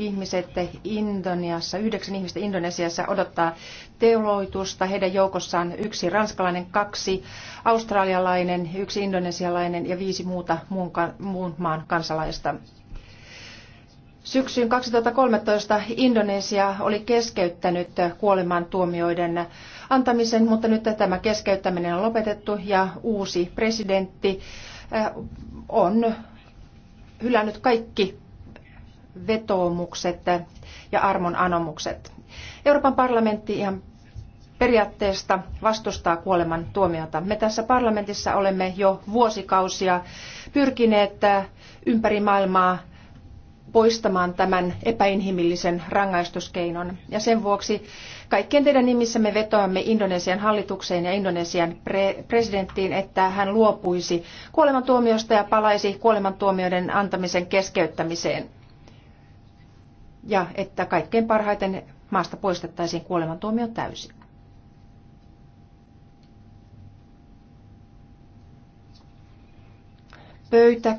ihmiset Indoniassa, yhdeksän ihmistä Indonesiassa odottaa teuloitusta. Heidän joukossaan yksi ranskalainen, kaksi australialainen, yksi indonesialainen ja viisi muuta muun, muun maan kansalaista. Syksyyn 2013 Indonesia oli keskeyttänyt kuolemantuomioiden antamisen, mutta nyt tämä keskeyttäminen on lopetettu ja uusi presidentti äh, on hylännyt kaikki vetoomukset ja armon anomukset. Euroopan parlamentti ihan periaatteesta vastustaa kuoleman tuomiota. Me tässä parlamentissa olemme jo vuosikausia pyrkineet ympäri maailmaa poistamaan tämän epäinhimillisen rangaistuskeinon. Ja sen vuoksi kaikkien teidän nimissä me vetoamme Indonesian hallitukseen ja Indonesian pre- presidenttiin, että hän luopuisi kuolemantuomiosta ja palaisi kuolemantuomioiden antamisen keskeyttämiseen ja että kaikkein parhaiten maasta poistettaisiin kuolemantuomio täysin. Pöytä